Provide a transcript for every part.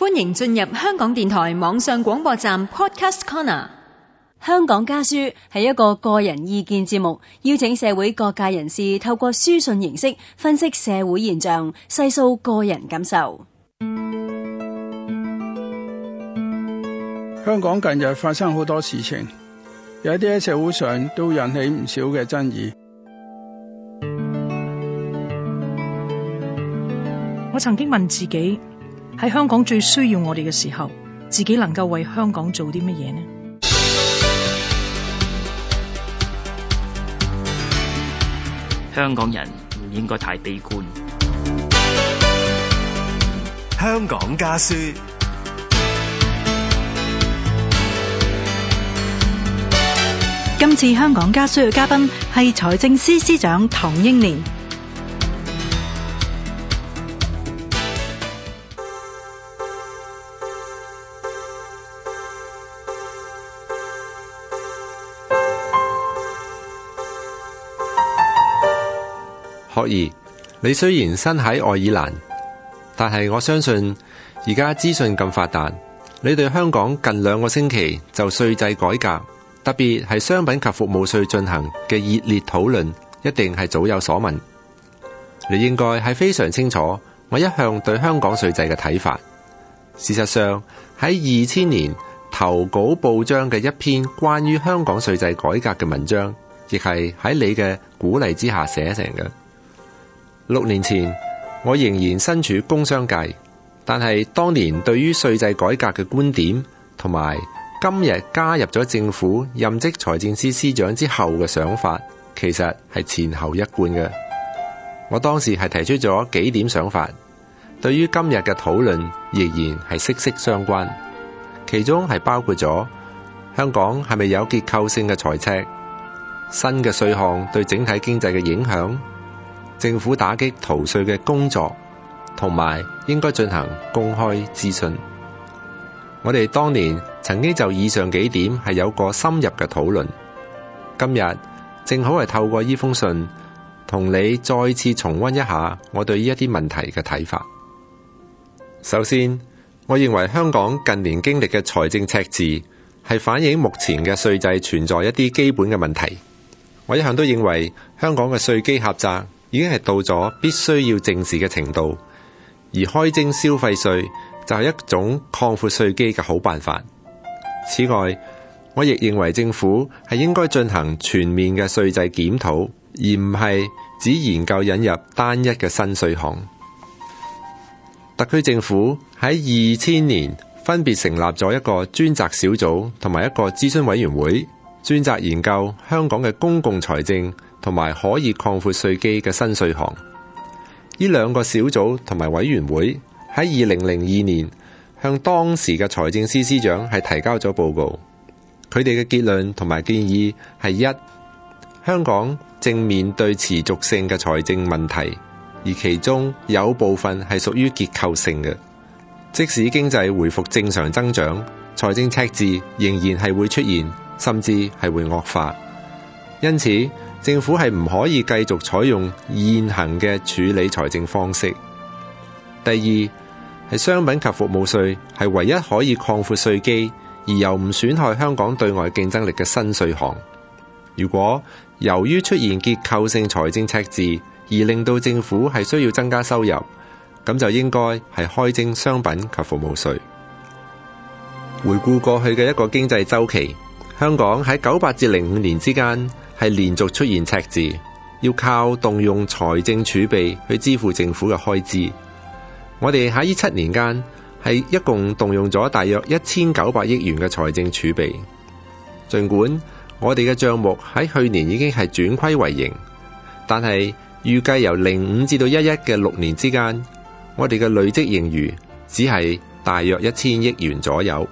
歡迎進入香港電台網上廣播站 Podcast Corner。香港家書係一個個人意見節目，邀請社會各界人士透過書信形式分析社會現象，細數個人感受。香港近日發生好多事情，有啲喺社會上都引起唔少嘅爭議。我曾經問自己，喺香港最需要我哋嘅時候，自己能夠為香港做啲乜嘢呢？香港人唔應該太悲觀。香港家書，今次香港家書嘅嘉賓係財政司司長唐英年。所以，你雖然身喺愛爾蘭，但係我相信而家資訊咁發達，你對香港近兩個星期就稅制改革，特別係商品及服務稅進行嘅熱烈討論，一定係早有所聞。你應該係非常清楚，我一向對香港稅制嘅睇法。事實上喺二千年投稿報章嘅一篇關於香港稅制改革嘅文章，亦係喺你嘅鼓勵之下寫成嘅。六年前，我仍然身處工商界，但係當年對於稅制改革嘅觀點，同埋今日加入咗政府任職財政司司長之後嘅想法，其實係前後一貫嘅。我當時係提出咗幾點想法，對於今日嘅討論，仍然係息息相關。其中係包括咗香港係咪有結構性嘅財赤，新嘅稅項對整體經濟嘅影響。政府打擊逃稅嘅工作，同埋應該進行公開諮詢。我哋當年曾經就以上幾點係有過深入嘅討論。今日正好係透過呢封信同你再次重溫一下我對呢一啲問題嘅睇法。首先，我認為香港近年經歷嘅財政赤字係反映目前嘅稅制存在一啲基本嘅問題。我一向都認為香港嘅稅基狹窄，已經係到咗必須要正視嘅程度，而開徵消費稅就係一種擴闊稅基嘅好辦法。此外，我亦認為政府係應該進行全面嘅稅制檢討，而唔係只研究引入單一嘅新稅項。特區政府喺二千年分別成立咗一個專責小組同埋一個諮詢委員會，專責研究香港嘅公共財政。同埋可以擴闊稅基嘅新稅項，呢兩個小組同埋委員會喺二零零二年向當時嘅財政司司長係提交咗報告。佢哋嘅結論同埋建議係，一，香港正面對持續性嘅財政問題，而其中有部分係屬於結構性嘅。即使經濟回復正常增長，財政赤字仍然係會出現，甚至係會惡化。因此，政府係唔可以繼續採用現行嘅處理財政方式。第二係，商品及服務稅係唯一可以擴闊稅基，而又唔損害香港對外競爭力嘅新稅項。如果由於出現結構性財政赤字，而令到政府係需要增加收入，咁就應該係開徵商品及服務稅。回顧過去嘅一個經濟周期，香港喺九八至零五年之間。係連續出現赤字，要靠動用財政儲備去支付政府嘅開支。我哋喺呢七年間係一共動用咗大約一千九百億元嘅財政儲備。儘管我哋嘅賬目喺去年已經係轉虧為盈，但係預計由零五至到一一嘅六年之間，我哋嘅累積盈餘只係大約一千億元左右。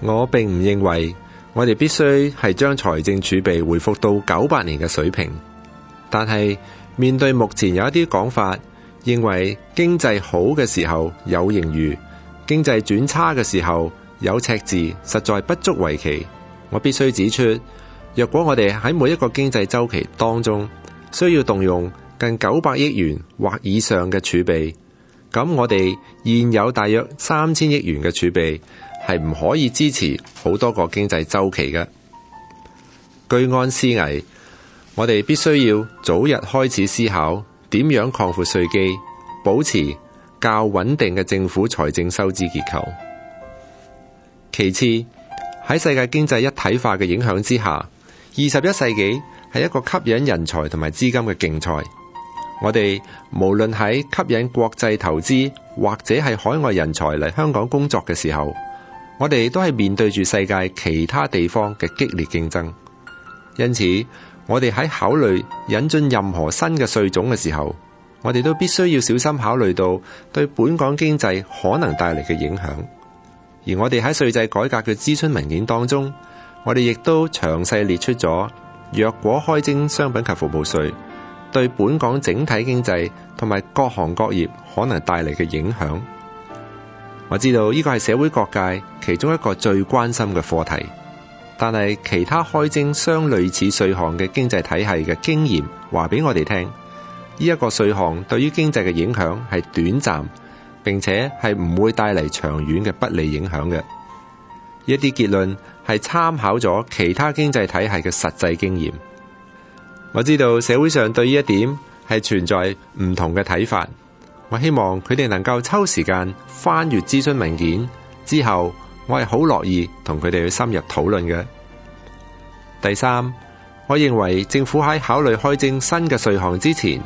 我並唔認為。我哋必須係將財政儲備恢復到九八年嘅水平，但係面對目前有一啲講法，認為經濟好嘅時候有盈餘，經濟轉差嘅時候有赤字，實在不足為奇。我必須指出，若果我哋喺每一個經濟週期當中需要動用近九百億元或以上嘅儲備，咁我哋現有大約三千億元嘅儲備。係唔可以支持好多個經濟周期嘅。居安思危，我哋必須要早日開始思考點樣擴闊稅基，保持較穩定嘅政府財政收支結構。其次喺世界經濟一體化嘅影響之下，二十一世紀係一個吸引人才同埋資金嘅競賽。我哋無論喺吸引國際投資或者係海外人才嚟香港工作嘅時候。我哋都係面對住世界其他地方嘅激烈競爭，因此我哋喺考慮引進任何新嘅稅種嘅時候，我哋都必須要小心考慮到對本港經濟可能帶嚟嘅影響。而我哋喺稅制改革嘅諮詢文件當中，我哋亦都詳細列出咗若果開徵商品及服務稅，對本港整體經濟同埋各行各業可能帶嚟嘅影響。我知道呢個係社會各界其中一個最關心嘅課題，但係其他開徵相類似稅項嘅經濟體系嘅經驗，話俾我哋聽，呢一個稅項對於經濟嘅影響係短暫，並且係唔會帶嚟長遠嘅不利影響嘅。一啲結論係參考咗其他經濟體系嘅實際經驗。我知道社會上對呢一點係存在唔同嘅睇法。我希望佢哋能夠抽時間翻閱諮詢文件，之後，我係好樂意同佢哋去深入討論嘅。第三，我認為政府喺考慮開徵新嘅稅項之前，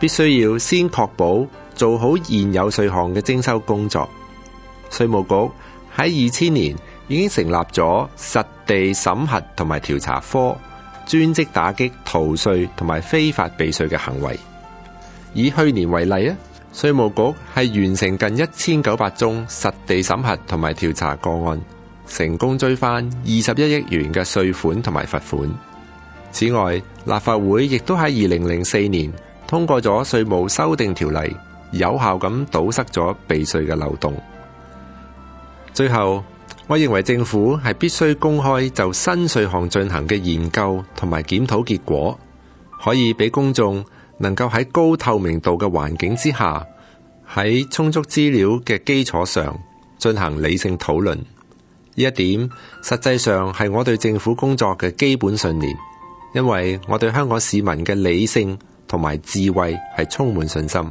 必須要先確保做好現有稅項嘅徵收工作。稅務局喺二千年已經成立咗實地審核同埋調查科，專職打擊逃稅同埋非法避稅嘅行為。以去年為例啊。稅務局係完成近一千九百宗實地審核同埋調查個案，成功追翻二十一億元嘅稅款同埋罰款。此外，立法會亦都喺二零零四年通過咗稅務修訂條例，有效咁堵塞咗避稅嘅漏洞。最後，我認為政府係必須公開就新稅項進行嘅研究同埋檢討結果，可以俾公眾。能夠喺高透明度嘅環境之下，喺充足資料嘅基礎上進行理性討論，呢一點實際上係我對政府工作嘅基本信念。因為我對香港市民嘅理性同埋智慧係充滿信心。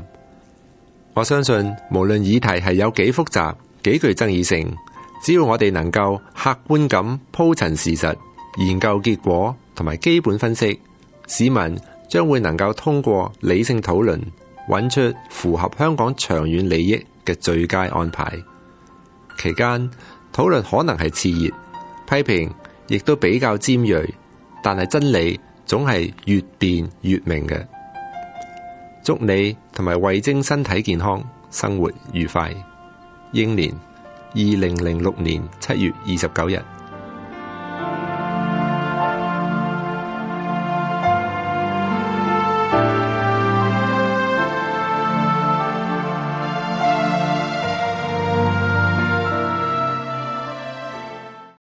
我相信無論議題係有幾複雜、幾具爭議性，只要我哋能夠客觀咁鋪陳事實、研究結果同埋基本分析，市民。將會能夠通過理性討論，揾出符合香港長遠利益嘅最佳安排。期間討論可能係熾熱，批評亦都比較尖銳，但係真理總係越辯越明嘅。祝你同埋慧晶身體健康，生活愉快。英年，二零零六年七月二十九日。